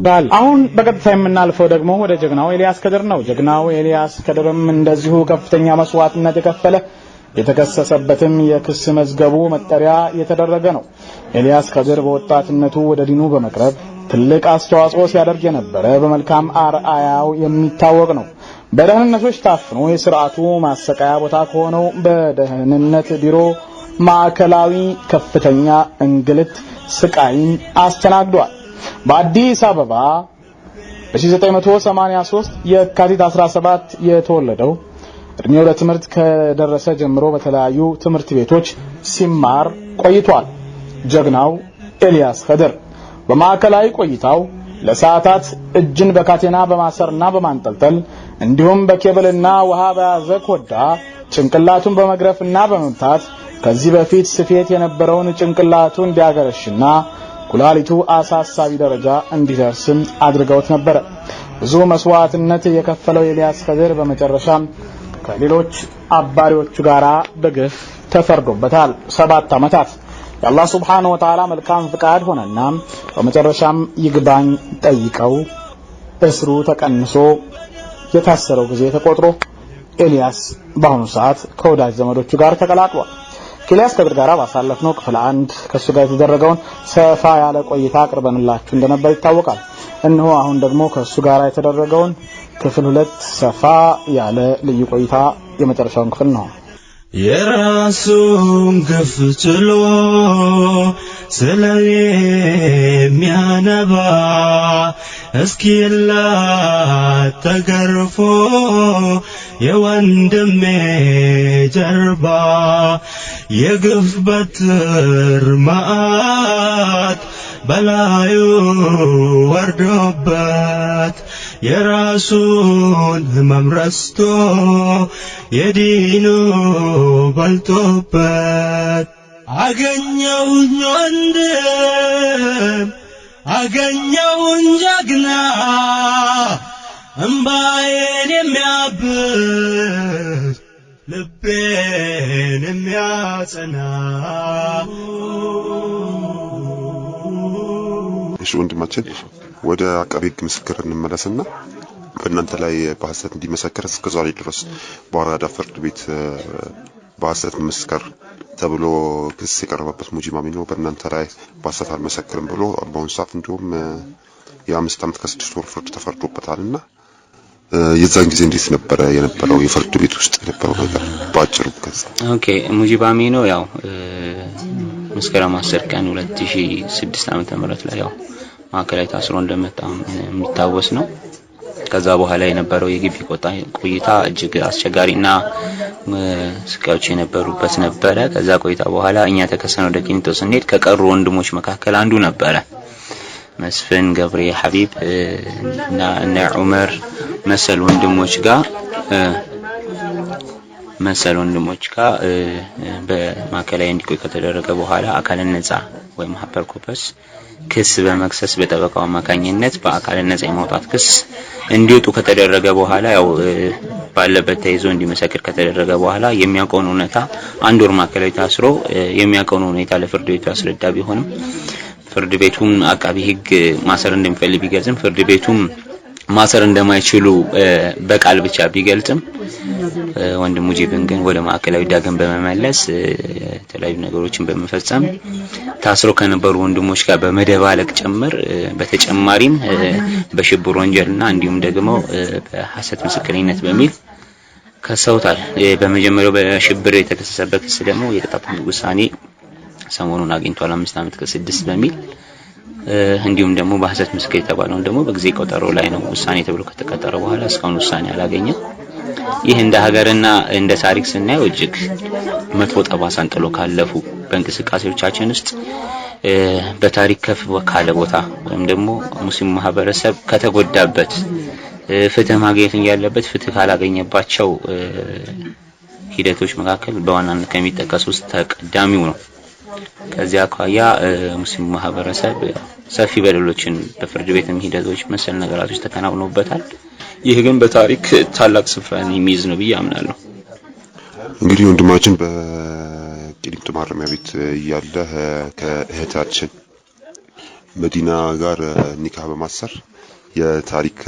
ይባል። አሁን በቀጥታ የምናልፈው ደግሞ ወደ ጀግናው ኤልያስ ከድር ነው። ጀግናው ኤልያስ ከድርም እንደዚሁ ከፍተኛ መስዋዕትነት የከፈለ የተከሰሰበትም የክስ መዝገቡ መጠሪያ የተደረገ ነው። ኤልያስ ከድር በወጣትነቱ ወደ ዲኑ በመቅረብ ትልቅ አስተዋጽኦ ሲያደርግ የነበረ በመልካም አርአያው የሚታወቅ ነው። በደህንነቶች ታፍኖ የስርዓቱ ማሰቃያ ቦታ ከሆነው በደህንነት ቢሮ ማዕከላዊ ከፍተኛ እንግልት ስቃይን አስተናግዷል። በአዲስ አበባ በ1983 የካቲት 17 የተወለደው እድሜው ለትምህርት ከደረሰ ጀምሮ በተለያዩ ትምህርት ቤቶች ሲማር ቆይቷል። ጀግናው ኤልያስ ከድር በማዕከላዊ ቆይታው ለሰዓታት እጅን በካቴና በማሰርና በማንጠልጠል እንዲሁም በኬብልና ውሃ በያዘ ኮዳ ጭንቅላቱን በመግረፍና በመምታት ከዚህ በፊት ስፌት የነበረውን ጭንቅላቱ እንዲያገረሽና ኩላሊቱ አሳሳቢ ደረጃ እንዲደርስም አድርገውት ነበረ። ብዙ መስዋዕትነት የከፈለው ኤልያስ ከድር በመጨረሻም ከሌሎች አባሪዎቹ ጋር በግፍ ተፈርዶበታል። ሰባት ዓመታት የአላህ ሱብሓነሁ ወተዓላ መልካም ፍቃድ ሆነና በመጨረሻም ይግባኝ ጠይቀው እስሩ ተቀንሶ የታሰረው ጊዜ ተቆጥሮ ኤልያስ በአሁኑ ሰዓት ከወዳጅ ዘመዶቹ ጋር ተቀላቅሏል። ኤልያስ ገብረ ጋር ነው ክፍል አንድ ከሱ ጋር የተደረገውን ሰፋ ያለ ቆይታ አቅርበንላችሁ እንደነበር ይታወቃል። እነሆ አሁን ደግሞ ከሱ ጋር የተደረገውን ክፍል ሁለት ሰፋ ያለ ልዩ ቆይታ የመጨረሻውን ክፍል ነው። የራሱን ግፍ ችሎ ስለኔ የሚያነባ እስኪላ ተገርፎ የወንድሜ ጀርባ የግፍ በትር መዓት በላዩ ወርዶበት የራሱን ህመም ረስቶ የዲኑ በልቶበት አገኘውኝ ወንድም አገኘውን ጀግና እምባዬን የሚያብስ ልቤን የሚያጸና እሺ ወንድማችን ወደ አቃቤ ህግ ምስክር እንመለስና በእናንተ ላይ በሀሰት እንዲመሰክር እስከ ዛሬ ድረስ በአራዳ ፍርድ ቤት በሀሰት ምስከር ተብሎ ክስ የቀረበበት ሙጂማ አሚኖ በእናንተ ላይ በሀሰት አልመሰክርም ብሎ በአሁኑ ሰዓት እንዲሁም የአምስት ዓመት ከስድስት ወር ፍርድ ተፈርዶበታል እና የዛን ጊዜ እንዴት ነበረ የነበረው የፍርድ ቤት ውስጥ የነበረው ነገር በአጭሩ? ኦኬ ሙጂባ ሚኖ ያው መስከረም አስር ቀን ስድስት አመተ ምህረት ላይ ያው ማዕከላዊ ታስሮ እንደመጣ የሚታወስ ነው። ከዛ በኋላ የነበረው የግቢ ቆይታ እጅግ አስቸጋሪና ስቃዮች የነበሩበት ነበረ። ከዛ ቆይታ በኋላ እኛ ተከሰን ወደ ቂሊንጦ ስንሄድ ከቀሩ ወንድሞች መካከል አንዱ ነበረ። መስፍን ገብሬ፣ ሐቢብ እና ዑመር መሰል ወንድሞች ጋር መሰል ወንድሞች ጋር በማዕከላዊ እንዲቆይ ከተደረገ በኋላ አካል ነጻ ወይም ሀፐር ኮፐስ ክስ በመክሰስ በጠበቃው አማካኝነት በአካል ነጻ የማውጣት ክስ እንዲወጡ ከተደረገ በኋላ ያው ባለበት ተይዞ እንዲመሰክር ከተደረገ በኋላ የሚያውቀውን እውነታ አንድ ወር ማዕከላዊ ታስሮ የሚያውቀውን ሁኔታ ለፍርድ ቤቱ ያስረዳ ቢሆንም ፍርድ ቤቱም አቃቢ ሕግ ማሰር እንደሚፈልግ ቢገልጽም ፍርድ ቤቱም ማሰር እንደማይችሉ በቃል ብቻ ቢገልጥም ወንድሙ ጅብን ግን ወደ ማዕከላዊ ዳግም በመመለስ የተለያዩ ነገሮችን በመፈጸም ታስሮ ከነበሩ ወንድሞች ጋር በመደባለቅ ጭምር በተጨማሪም በሽብር ወንጀልና እንዲሁም ደግሞ በሐሰት ምስክርነት በሚል ከሰውታል። በመጀመሪያው በሽብር የተከሰሰበት ክስ ደግሞ የቅጣት ውሳኔ ሰሞኑን አግኝቷል። አምስት ዓመት ከስድስት በሚል እንዲሁም ደግሞ በሐሰት ምስክር የተባለውን ደግሞ በጊዜ ቆጠሮ ላይ ነው ውሳኔ ተብሎ ከተቀጠረ በኋላ እስካሁን ውሳኔ አላገኘም። ይህ እንደ ሀገርና እንደ ታሪክ ስናየው እጅግ መጥፎ ጠባሳን ጥሎ ካለፉ በእንቅስቃሴዎቻችን ውስጥ በታሪክ ከፍ ካለ ቦታ ወይም ደግሞ ሙስሊም ማህበረሰብ ከተጎዳበት ፍትህ ማግኘት ያለበት ፍትህ ካላገኘባቸው ሂደቶች መካከል በዋናነት ከሚጠቀሱ ውስጥ ተቀዳሚው ነው። ከዚያ አኳያ ሙስሊሙ ማህበረሰብ ሰፊ በደሎችን በፍርድ ቤትም ሂደቶች መሰል ነገራቶች ተከናውኖበታል። ይህ ግን በታሪክ ታላቅ ስፍራን የሚይዝ ነው ብዬ አምናለሁ። እንግዲህ ወንድማችን በቂሊንጦ ማረሚያ ቤት እያለ ከእህታችን መዲና ጋር ኒካ በማሰር የታሪክ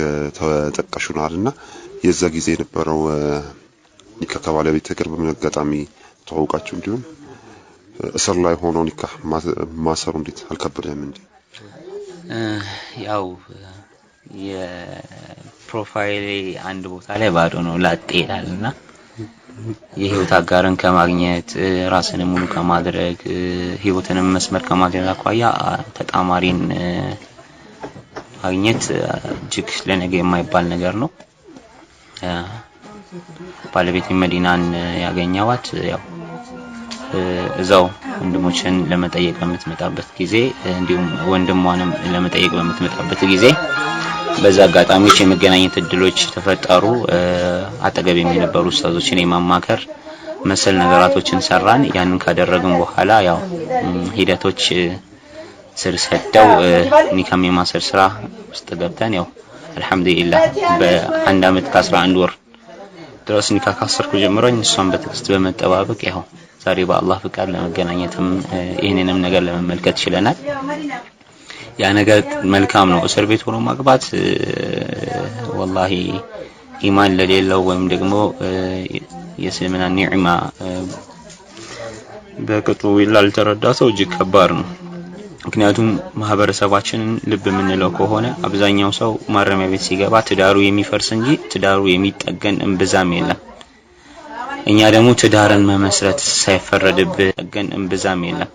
ተጠቃሽ እና የዛ ጊዜ የነበረው ኒካ ከባለቤት ጋር በምን አጋጣሚ ተዋውቃችሁ እንዲሁም እስር ላይ ሆኖ ኒካህ ማሰሩ እንዴት አልከበደም እንዴ? ያው የፕሮፋይሌ አንድ ቦታ ላይ ባዶ ነው ላጤ ይላል እና የህይወት አጋርን ከማግኘት ራስንም ሙሉ ከማድረግ ህይወትንም መስመር ከማድረግ አኳያ ተጣማሪን ማግኘት እጅግ ለነገ የማይባል ነገር ነው። ባለቤት መዲናን ያገኘዋት ያው እዛው ወንድሞችን ለመጠየቅ በምትመጣበት ጊዜ እንዲሁም ወንድሟንም ለመጠየቅ በምትመጣበት ጊዜ በዛ አጋጣሚዎች የመገናኘት እድሎች ተፈጠሩ። አጠገብ የሚነበሩ ኡስታዞችን የማማከር መሰል ነገራቶችን ሰራን። ያንን ካደረግን በኋላ ያው ሂደቶች ስር ሰደው ኒካም የማሰር ስራ ውስጥ ገብተን ያው አልሐምዱሊላህ በአንድ አመት ከአስራ አንድ ወር ድረስ ኒካ ካሰርኩ ጀምሮኝ እሷን በትዕግስት በመጠባበቅ ያው ዛሬ በአላህ ፍቃድ ለመገናኘትም ይህንንም ነገር ለመመልከት ችለናል። ያ ነገር መልካም ነው። እስር ቤት ሆኖ ማግባት ወላሂ ኢማን ለሌለው ወይም ደግሞ የእስልምና ኒዕማ በቅጡ ላልተረዳ ሰው እጅግ ከባድ ነው። ምክንያቱም ማህበረሰባችንን ልብ የምንለው ከሆነ አብዛኛው ሰው ማረሚያ ቤት ሲገባ ትዳሩ የሚፈርስ እንጂ ትዳሩ የሚጠገን እምብዛም የለም። እኛ ደግሞ ትዳርን መመስረት ሳይፈረድብህ ጠገን እምብዛም የለም።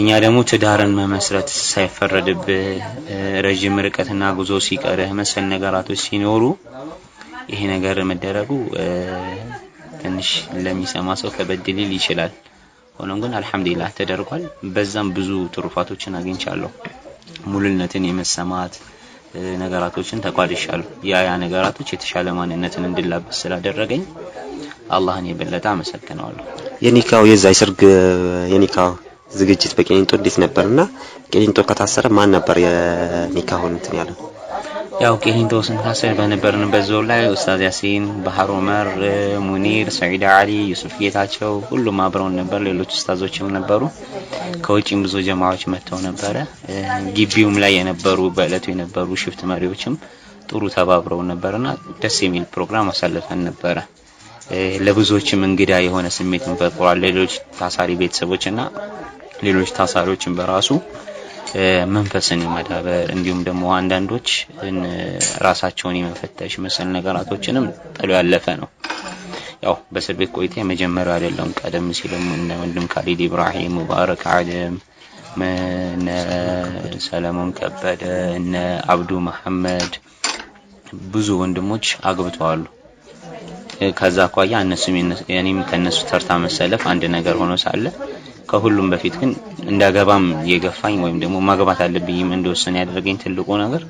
እኛ ደግሞ ትዳርን መመስረት ሳይፈረድብህ ረዥም ርቀትና ጉዞ ሲቀርህ መሰል ነገራቶች ሲኖሩ ይሄ ነገር መደረጉ ትንሽ ለሚሰማ ሰው ከበድ ሊል ይችላል። ሆኖም ግን አልሐምዱሊላህ ተደርጓል። በዛም ብዙ ትሩፋቶችን አግኝቻለሁ። ሙልነትን የመሰማት ነገራቶችን ተቋድሻለሁ። ያ ያ ነገራቶች የተሻለ ማንነትን እንድላበስ ስላደረገኝ አላህን የበለጠ አመሰግነዋለሁ። የኒካው የዛ የሰርግ የኒካው ዝግጅት በቂሊንጦ እንዴት ነበርና ቂሊንጦ ከታሰረ ማን ነበር የኒካውን እንትን ያለው? ያው ቄሂንቶ ስንታሰር በነበርንበት ዞን ላይ ኡስታዝ ያሲን፣ ባህር ዑመር፣ ሙኒር፣ ሰዒድ አሊ፣ ዩሱፍ ጌታቸው ሁሉም አብረውን ነበር። ሌሎች ኡስታዞችም ነበሩ። ከውጭም ብዙ ጀማዎች መጥተው ነበረ። ግቢውም ላይ የነበሩ በእለቱ የነበሩ ሽፍት መሪዎችም ጥሩ ተባብረው ነበርና ደስ የሚል ፕሮግራም አሳልፈን ነበረ። ለብዙዎችም እንግዳ የሆነ ስሜትን ፈጥሯል። ሌሎች ታሳሪ ቤተሰቦችና ሌሎች ታሳሪዎችን በራሱ መንፈስን የማዳበር እንዲሁም ደግሞ አንዳንዶች ራሳቸውን የመፈተሽ መሰል ነገራቶችንም ጥሎ ያለፈ ነው። ያው በእስር ቤት ቆይታ የመጀመሪያው አይደለም። ቀደም ሲልም እነ ወንድም ካሊድ ኢብራሂም፣ ሙባረክ አደም፣ እነ ሰለሞን ከበደ፣ እነ አብዱ መሐመድ ብዙ ወንድሞች አግብተዋሉ። ከዛ አኳያ እነሱም የኔም ከነሱ ተርታ መሰለፍ አንድ ነገር ሆኖ ሳለ ከሁሉም በፊት ግን እንዳገባም የገፋኝ ወይም ደግሞ ማግባት አለብኝም እንደወሰነ ያደረገኝ ትልቁ ነገር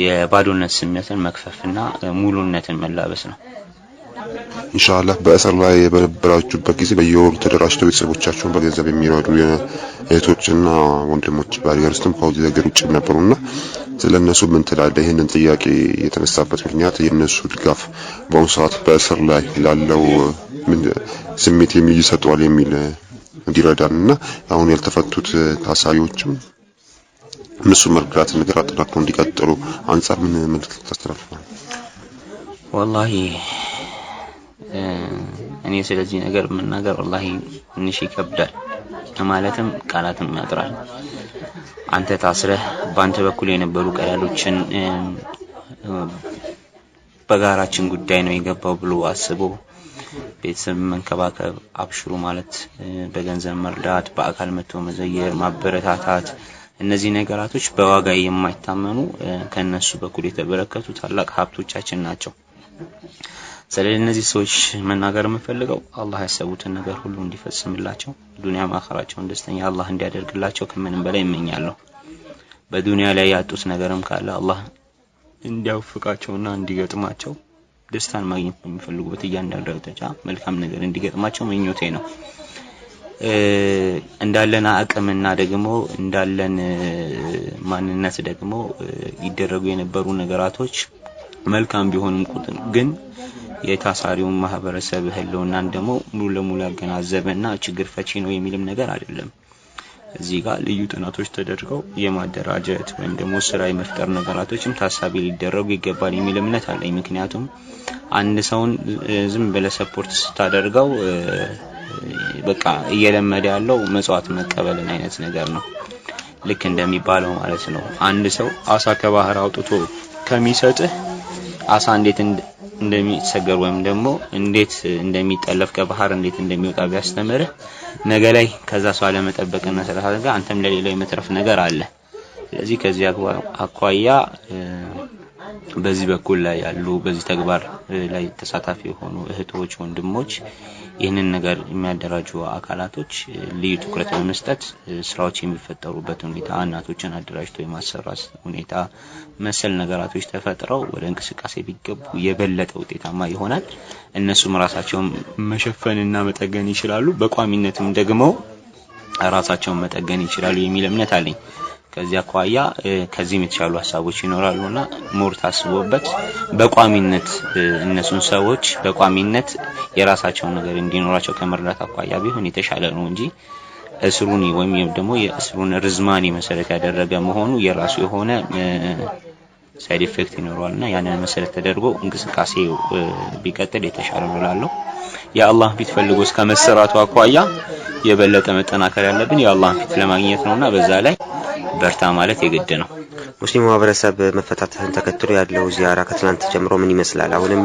የባዶነት ስሜትን መክፈፍና ሙሉነትን መላበስ ነው። ኢንሻአላህ በእስር ላይ በነበራችሁበት ጊዜ በየወሩ ተደራጅተው ቤተሰቦቻቸውን በገንዘብ የሚረዱ እህቶችና ወንድሞች በሀገር ውስጥም ከውጭ ሀገር ውጭም ነበሩና ስለ እነሱ ምን ትላለህ? ይህንን ጥያቄ የተነሳበት ምክንያት የእነሱ ድጋፍ በአሁኑ ሰዓት በእስር ላይ ላለው ምን ስሜት የሚሰጠዋል የሚል እንዲረዳንና አሁን ያልተፈቱት ታሳሪዎችም እነሱን መርዳት ነገር አጠናክረው እንዲቀጥሉ አንጻር ምን መልዕክት ታስተላልፋለህ? ወላሂ እኔ ስለዚህ ነገር መናገር ወላሂ ትንሽ ይከብዳል። ማለትም ቃላትም ያጥራል። አንተ ታስረህ በአንተ በኩል የነበሩ ቀላሎችን በጋራችን ጉዳይ ነው የገባው ብሎ አስቦ ቤተሰብ መንከባከብ፣ አብሽሩ ማለት በገንዘብ መርዳት፣ በአካል መጥቶ መዘየር፣ ማበረታታት እነዚህ ነገራቶች በዋጋ የማይታመኑ ከነሱ በኩል የተበረከቱ ታላቅ ሀብቶቻችን ናቸው። ስለ እነዚህ ሰዎች መናገር የምፈልገው አላህ ያሰቡትን ነገር ሁሉ እንዲፈጽምላቸው ዱንያ ማኸራቸውን ደስተኛ አላህ እንዲያደርግላቸው ከምንም በላይ እመኛለሁ። በዱንያ ላይ ያጡት ነገርም ካለ አላህ እንዲያውፍቃቸውና እንዲገጥማቸው ደስታን ማግኘት ነው የሚፈልጉበት። እያንዳንዱ አቅጣጫ መልካም ነገር እንዲገጥማቸው ምኞቴ ነው። እንዳለን አቅምና ደግሞ እንዳለን ማንነት ደግሞ ይደረጉ የነበሩ ነገራቶች መልካም ቢሆንም ቁጥን ግን የታሳሪውን ማህበረሰብ ህልውናን ደግሞ ሙሉ ለሙሉ ያገናዘበና ችግር ፈቺ ነው የሚልም ነገር አይደለም። እዚህ ጋር ልዩ ጥናቶች ተደርገው የማደራጀት ወይም ደግሞ ስራ የመፍጠር ነገራቶችም ታሳቢ ሊደረጉ ይገባል የሚል እምነት አለኝ። ምክንያቱም አንድ ሰውን ዝም ብለህ ሰፖርት ስታደርገው በቃ እየለመደ ያለው መጽዋት መቀበልን አይነት ነገር ነው፣ ልክ እንደሚባለው ማለት ነው። አንድ ሰው አሳ ከባህር አውጥቶ ከሚሰጥህ አሳ እንዴት እንደሚሰገር ወይም ደግሞ እንዴት እንደሚጠለፍ ከባህር እንዴት እንደሚወጣ ቢያስተምርህ ነገ ላይ ከዛ ሰው አለመጠበቅና ስለታደጋ አንተም ለሌላ የመትረፍ ነገር አለ። ስለዚህ ከዚህ አኳያ በዚህ በኩል ላይ ያሉ በዚህ ተግባር ላይ ተሳታፊ የሆኑ እህቶች፣ ወንድሞች ይህንን ነገር የሚያደራጁ አካላቶች ልዩ ትኩረት በመስጠት ስራዎች የሚፈጠሩበት ሁኔታ፣ እናቶችን አደራጅቶ የማሰራት ሁኔታ መሰል ነገራቶች ተፈጥረው ወደ እንቅስቃሴ ቢገቡ የበለጠ ውጤታማ ይሆናል። እነሱም ራሳቸውን መሸፈንና መጠገን ይችላሉ። በቋሚነትም ደግሞ ራሳቸውን መጠገን ይችላሉ የሚል እምነት አለኝ። ከዚህ አኳያ ከዚህም የተሻሉ ሀሳቦች እና ሞር ታስቦበት በቋሚነት እነሱን ሰዎች በቋሚነት የራሳቸውን ነገር እንዲኖራቸው ከመርዳት አኳያ ቢሆን የተሻለ ነው እንጂ እስሩን ወይም ደግሞ የእስሩን ርዝማኔ መሰረት ያደረገ መሆኑ የራሱ የሆነ ሳይድ ኢፌክት ይኖረዋል እና ያንን መሰረት ተደርጎ እንቅስቃሴ ቢቀጥል የተሻለ ነው እላለሁ። የአላህ ፊት ፈልጎ እስከ መሰራቱ አኳያ የበለጠ መጠናከር ያለብን የአላህን ፊት ለማግኘት ነውና በዛ ላይ በርታ ማለት የግድ ነው። ሙስሊሙ ማህበረሰብ መፈታተህን ተከትሎ ያለው ዚያራ ከትናንት ጀምሮ ምን ይመስላል? አሁንም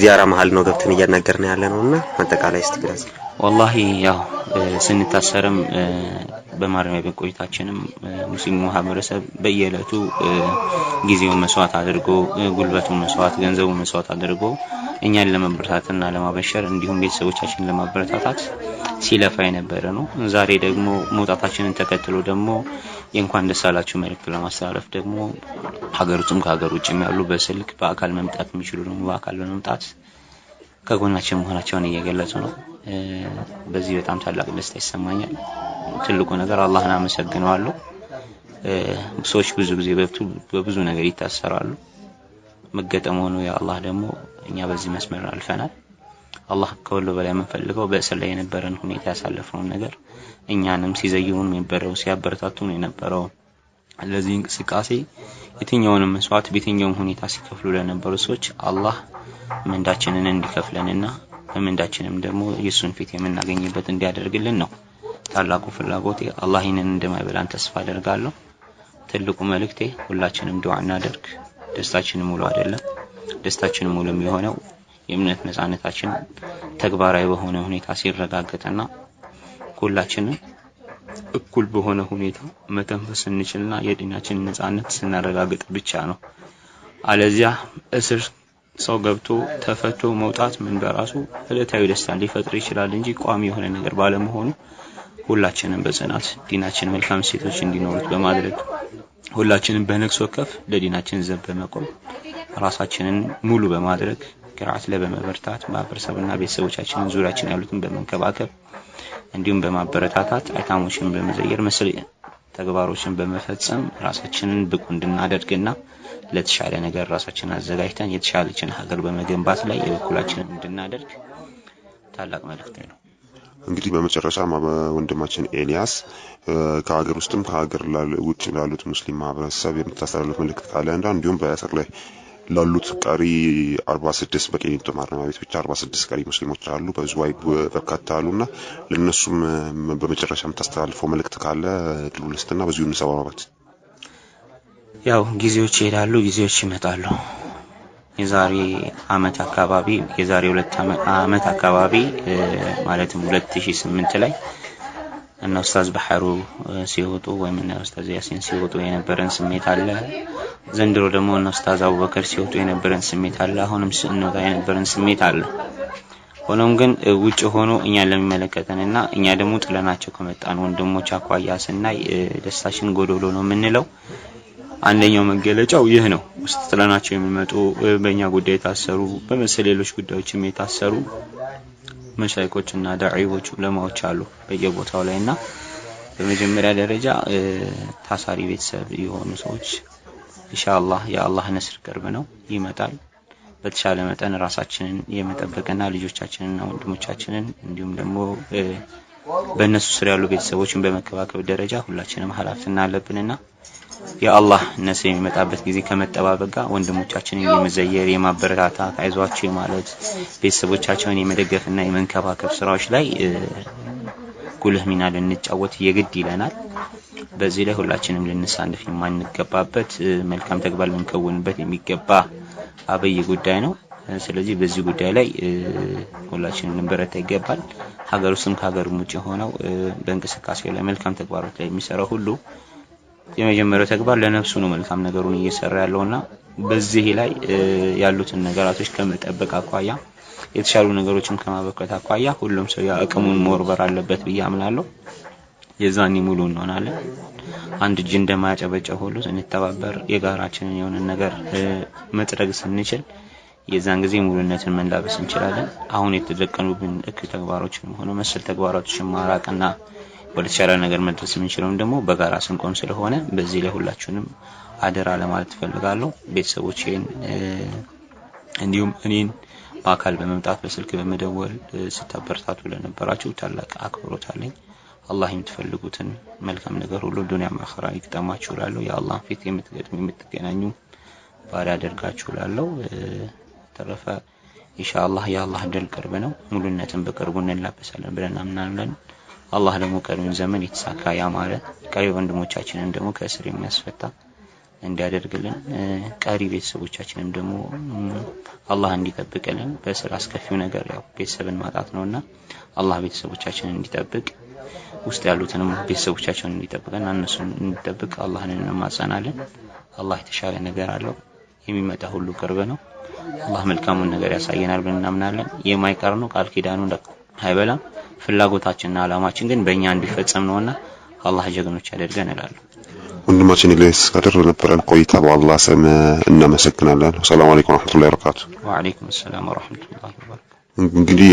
ዚያራ መሀል ነው ገብተን እያናገርን ያለ ነው እና አጠቃላይ ወላሂ ያው ስንታሰርም በማረሚያ ቤት ቆይታችንም ሙስሊሙ ማህበረሰብ በየዕለቱ ጊዜውን መስዋዕት አድርጎ ጉልበቱን መስዋዕት ገንዘቡን መስዋዕት አድርጎ እኛን ለመበረታትና ለማበሸር እንዲሁም ቤተሰቦቻችንን ለማበረታታት ሲለፋ የነበረ ነው። ዛሬ ደግሞ መውጣታችንን ተከትሎ ደግሞ የእንኳን ደስ አላችሁ መልእክት ለማስተላለፍ ደግሞ ሀገር ውስጥም ከሀገር ውጭም ያሉ በስልክ በአካል መምጣት የሚችሉ ደግሞ በአካል በመምጣት ከጎናችን መሆናቸውን እየገለጹ ነው። በዚህ በጣም ታላቅ ደስታ ይሰማኛል። ትልቁ ነገር አላህን አመሰግነዋለሁ። ሰዎች ብዙ ጊዜ በብዙ ነገር ይታሰራሉ። መገጠም ሆኖ የአላህ ደግሞ እኛ በዚህ መስመር አልፈናል። አላህ ከሁሉ በላይ የምንፈልገው በእስር ላይ የነበረን ሁኔታ ያሳለፍነውን ነገር እኛንም ሲዘይሙን የነበረው ሲያበረታቱን የነበረው ለዚህ እንቅስቃሴ የትኛውንም መስዋዕት በየትኛውም ሁኔታ ሲከፍሉ ለነበሩ ሰዎች አላህ ምንዳችንን እንዲከፍለንና ከመንዳችንም ደግሞ የእሱን ፊት የምናገኝበት እንዲያደርግልን ነው ታላቁ ፍላጎቴ። አላህ ይህንን እንደማይበላን ተስፋ አደርጋለሁ። ትልቁ መልእክቴ ሁላችንም ዱዓ እናደርግ። ደስታችን ሙሉ አይደለም። ደስታችን ሙሉ የሆነው የእምነት ነጻነታችን ተግባራዊ በሆነ ሁኔታ ሲረጋገጥና ሁላችንም እኩል በሆነ ሁኔታ መተንፈስ ስንችልና የዲናችን ነጻነት ስናረጋግጥ ብቻ ነው። አለዚያ እስር ሰው ገብቶ ተፈቶ መውጣት ምን በራሱ ዕለታዊ ደስታን ሊፈጥር ይችላል እንጂ ቋሚ የሆነ ነገር ባለመሆኑ ሁላችንም በጽናት ዲናችን መልካም ሴቶች እንዲኖሩት በማድረግ ሁላችንም በነግስ ወከፍ ለዲናችን ዘብ በመቆም ራሳችንን ሙሉ በማድረግ ቂርአት ላይ በመበርታት ማህበረሰብና ቤተሰቦቻችንን ዙሪያችን ያሉትን በመንከባከብ እንዲሁም በማበረታታት አይታሞችን በመዘየር መሰል ተግባሮችን በመፈጸም ራሳችንን ብቁ እንድናደርግና ለተሻለ ነገር ራሳችን አዘጋጅተን የተሻለችን ሀገር በመገንባት ላይ የበኩላችንን እንድናደርግ ታላቅ መልእክት ነው። እንግዲህ በመጨረሻ ወንድማችን ኤልያስ ከሀገር ውስጥም ከሀገር ውጭ ላሉት ሙስሊም ማህበረሰብ የምታስተላልፍ መልእክት ካለ እንዳ እንዲሁም በእስር ላይ ላሉት ቀሪ አርባ ስድስት በቂሊንጦ ማረሚያ ቤት ብቻ አርባ ስድስት ቀሪ ሙስሊሞች አሉ፣ በዙዋይ በርካታ አሉ አሉና ለእነሱም በመጨረሻ የምታስተላልፈው መልእክት ካለ ድሉ ልስትና በዚሁ እንሰባባባችን። ያው ጊዜዎች ይሄዳሉ፣ ጊዜዎች ይመጣሉ። የዛሬ አመት አካባቢ የዛሬ ሁለት አመት አካባቢ ማለትም 2008 ላይ እነ ኡስታዝ ባህሩ ሲወጡ ወይም እነ ኡስታዝ ያሲን ሲወጡ የነበረን ስሜት አለ። ዘንድሮ ደግሞ እነ ኡስታዝ አቡበከር ሲወጡ የነበረን ስሜት አለ። አሁንም ስንወጣ የነበረን ስሜት አለ። ሆኖም ግን ውጭ ሆኖ እኛን ለሚመለከተንና እኛ ደግሞ ጥለናቸው ከመጣን ወንድሞች አኳያ ስናይ ደስታችን ጎዶሎ ነው የምንለው። አንደኛው መገለጫው ይህ ነው። ውስጥ ጥለናቸው የሚመጡ በእኛ ጉዳይ የታሰሩ በመሰል ሌሎች ጉዳዮችም የታሰሩ መሻይኮች እና ዳዒዎች ዑለማዎች አሉ በየቦታው ላይ እና በመጀመሪያ ደረጃ ታሳሪ ቤተሰብ የሆኑ ሰዎች ኢንሻአላህ የአላህ ነስር ቅርብ ነው፣ ይመጣል። በተሻለ መጠን ራሳችንን የመጠበቅና ልጆቻችንና ወንድሞቻችንን እንዲሁም ደግሞ በእነሱ ስር ያሉ ቤተሰቦችን በመከባከብ ደረጃ ሁላችንም ኃላፊነት አለብንና የአላህ ነስር የሚመጣበት ጊዜ ከመጠባበቅ ጋር ወንድሞቻችንን የመዘየር የማበረታታ አይዟቸው የማለት ቤተሰቦቻቸውን የመደገፍና የመንከባከብ ስራዎች ላይ ጉልህ ሚና ልንጫወት የግድ ይለናል። በዚህ ላይ ሁላችንም ልንሳንፍ የማንገባበት መልካም ተግባር ልንከውንበት የሚገባ አብይ ጉዳይ ነው። ስለዚህ በዚህ ጉዳይ ላይ ሁላችንም ልንበረታ ይገባል። ሀገር ውስጥም ከሀገር ውጭ ሆነው በእንቅስቃሴ ላይ መልካም ተግባሮች ላይ የሚሰራው ሁሉ የመጀመሪያው ተግባር ለነፍሱ ነው መልካም ነገሩን እየሰራ ያለውና በዚህ ላይ ያሉትን ነገራቶች ከመጠበቅ አኳያ የተሻሉ ነገሮችን ከማበርከት አኳያ ሁሉም ሰው የአቅሙን መወርበር አለበት ብዬ አምናለሁ። የዛኔ ሙሉ እንሆናለን። አንድ እጅ እንደማያጨበጨብ ሁሉ ስንተባበር የጋራችንን የሆነ ነገር መጥረግ ስንችል የዛን ጊዜ ሙሉነትን መላበስ እንችላለን። አሁን የተደቀኑብን እክል ተግባሮችም ሆነ መሰል ተግባራቶችን ማራቅና ተሻለ ነገር መድረስ የምንችለውም ደግሞ በጋራ ስንቆም ስለሆነ በዚህ ላይ ሁላችሁንም አደራ ለማለት ትፈልጋለሁ። ቤተሰቦቼን እንዲሁም እኔን በአካል በመምጣት በስልክ በመደወል ስታበረታቱ ለነበራችሁ ታላቅ አክብሮት አለኝ። አላህ የምትፈልጉትን መልካም ነገር ሁሉ ዱንያ ማኸራ ይግጠማችሁ እላለሁ። የአላህን ፊት የምትገጥሙ የምትገናኙ ባሪያ አደርጋችሁ እላለሁ። በተረፈ ኢንሻአላህ የአላህ ድል ቅርብ ነው። ሙሉነትን በቅርቡ እንላበሳለን ብለን እናምናለን። አላህ ደግሞ ቀሪውን ዘመን የተሳካ ያማረ ቀሪ ወንድሞቻችንን ደግሞ ከእስር የሚያስፈታ እንዲያደርግልን ቀሪ ቤተሰቦቻችንም ደግሞ አላህ እንዲጠብቅልን። በስራ አስከፊው ነገር ያው ቤተሰብን ማጣት ነውና አላህ ቤተሰቦቻችንን እንዲጠብቅ ውስጥ ያሉትንም ቤተሰቦቻቸውን እንዲጠብቅና እነሱን እንዲጠብቅ አላህን እንማጸናለን። አላህ የተሻለ ነገር አለው። የሚመጣ ሁሉ ቅርብ ነው። አላህ መልካሙን ነገር ያሳየናል ብለን እናምናለን። የማይቀር ነው ቃል ኪዳኑን አይበላም። ፍላጎታችንና አላማችን ግን በእኛ እንዲፈጸም ነውና አላህ ጀግኖች ያደርገን እላለሁ። ወንድማችን ኢልያስ እስካደር ነበረን ቆይታ በአላህ ስም እናመሰግናለን። ሰላም አለይኩም ወራህመቱላሂ ወበረካቱ። ወአለይኩም ሰላም ወራህመቱላሂ ወበረካቱ። እንግዲህ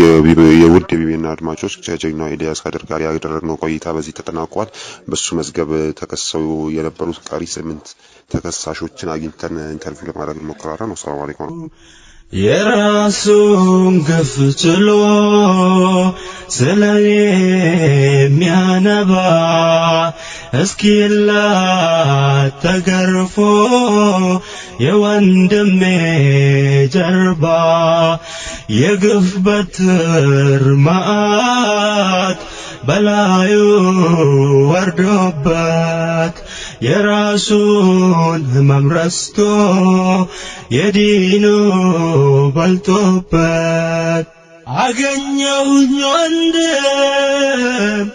የውድ የቢቢና አድማጮች ከጀግናው ኤልያስ ካደር ጋር ያደረግነው ቆይታ በዚህ ተጠናቋል። በሱ መዝገብ ተከሰው የነበሩት ቀሪ ስምንት ተከሳሾችን አግኝተን ኢንተርቪው ለማድረግ ሞክረናል። ሰላም አለይኩም። የራሱን ግፍ ችሎ ስለኔ የሚያነባ እስኪላ ተገርፎ የወንድሜ ጀርባ የግፍ በትር መዓት በላዩ ወርዶበት የራሱን ህመም ረስቶ የዲኑ በልቶበት አገኘሁኝ ወንድም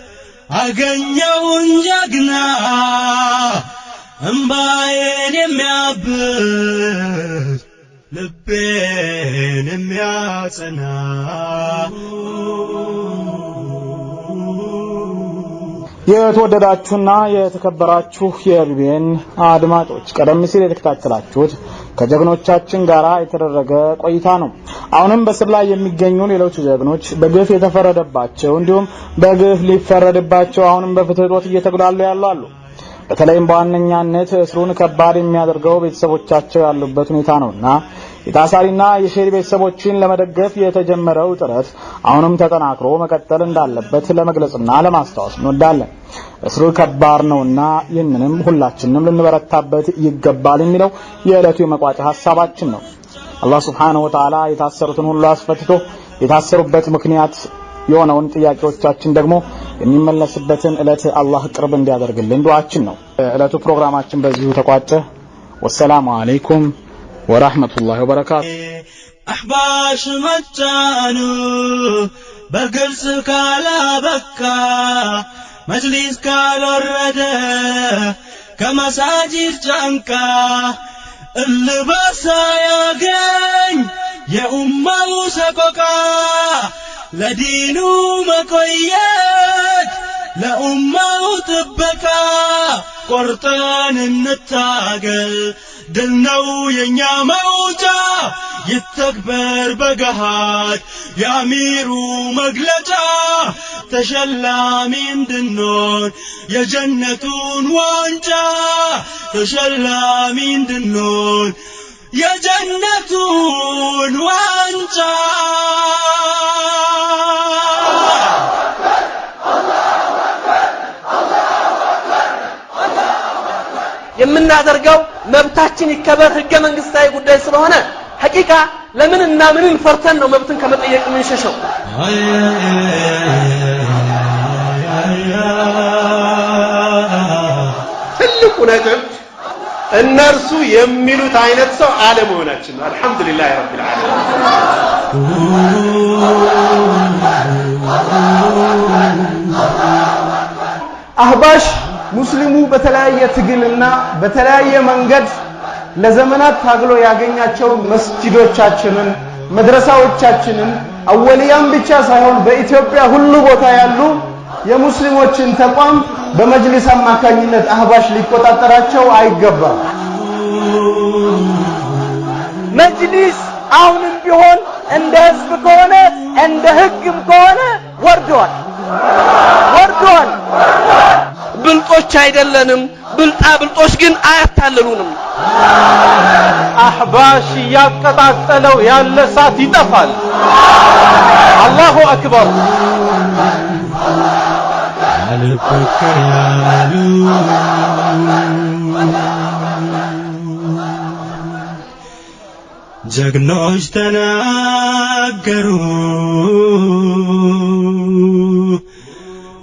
አገኘሁኝ ጀግና እምባዬን የሚያብስ ልቤን የሚያጸና የተወደዳችሁና የተከበራችሁ የቢቢኤን አድማጮች ቀደም ሲል የተከታተላችሁት ከጀግኖቻችን ጋር የተደረገ ቆይታ ነው። አሁንም በስር ላይ የሚገኙ ሌሎች ጀግኖች በግፍ የተፈረደባቸው እንዲሁም በግፍ ሊፈረድባቸው አሁንም በፍትህ እጦት እየተጉላሉ ያሉ አሉ። በተለይም በዋነኛነት እስሩን ከባድ የሚያደርገው ቤተሰቦቻቸው ያሉበት ሁኔታ ነውና የታሳሪና የሼሪ ቤተሰቦችን ለመደገፍ የተጀመረው ጥረት አሁንም ተጠናክሮ መቀጠል እንዳለበት ለመግለጽና ለማስታወስ እንወዳለን። እስሩ ከባድ ነውና ይህንንም ሁላችንም ልንበረታበት ይገባል የሚለው የዕለቱ የመቋጫ ሀሳባችን ነው። አላህ ሱብሓነሁ ወተዓላ የታሰሩትን ሁሉ አስፈትቶ የታሰሩበት ምክንያት የሆነውን ጥያቄዎቻችን ደግሞ የሚመለስበትን ዕለት አላህ ቅርብ እንዲያደርግልን ዱዓችን ነው። ዕለቱ ፕሮግራማችን በዚሁ ተቋጨ። ወሰላሙ አለይኩም ورحمة الله وبركاته أحباش متانو بقرس كالا بكا مجلس كالا الرد كمساجر جانكا اللباسا يا غين يا أمة وسكوكا لدينو مكويات لأمة وطبكا ቆርጠን እንታገል ድል ነው የእኛ መውጫ ይተግበር በገሃድ የአሚሩ መግለጫ ተሸላሚ እንድንሆን የጀነቱን ዋንጫ ተሸላሚ እንድንሆን የጀነቱን ዋንጫ የምናደርገው መብታችን ይከበር ህገ መንግስታዊ ጉዳይ ስለሆነ ሐቂቃ እና ምንን ፈርተን ነው መብትን ከመጠየቅ የምንሸሸው? ትልቁ ነጥብ እነርሱ የሚሉት አይነት ሰው አለመሆናችን ነው። አልሐምዱሊላህ ረቢል አህባሽ ሙስሊሙ በተለያየ ትግልና በተለያየ መንገድ ለዘመናት ታግሎ ያገኛቸው መስጂዶቻችንን፣ መድረሳዎቻችንን አወልያም ብቻ ሳይሆን በኢትዮጵያ ሁሉ ቦታ ያሉ የሙስሊሞችን ተቋም በመጅሊስ አማካኝነት አህባሽ ሊቆጣጠራቸው አይገባም። መጅሊስ አሁንም ቢሆን እንደ ህዝብ ከሆነ እንደ ህግም ከሆነ ወርደዋል። ብልጦች አይደለንም። ብልጣ ብልጦች ግን አያታልሉንም። አህባሽ እያቀጣጠለው ያለ እሳት ይጠፋል። አላሁ አክበር። ጀግኖች ተናገሩ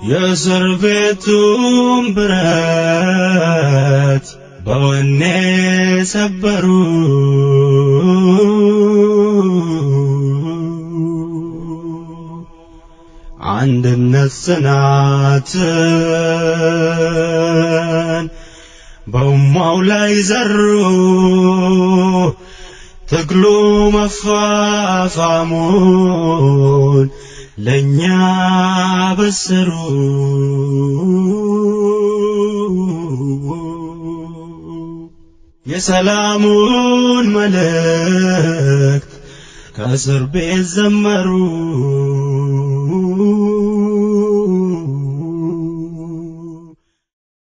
የእስር ቤቱን ብረት በወኔ ሰበሩ። አንድነት ጽናትን በውማው ላይ ዘሩ። ትግሉ መፋፋሙን ለእኛ በሰሩ የሰላሙን መልእክት ከእስር ቤት ዘመሩ።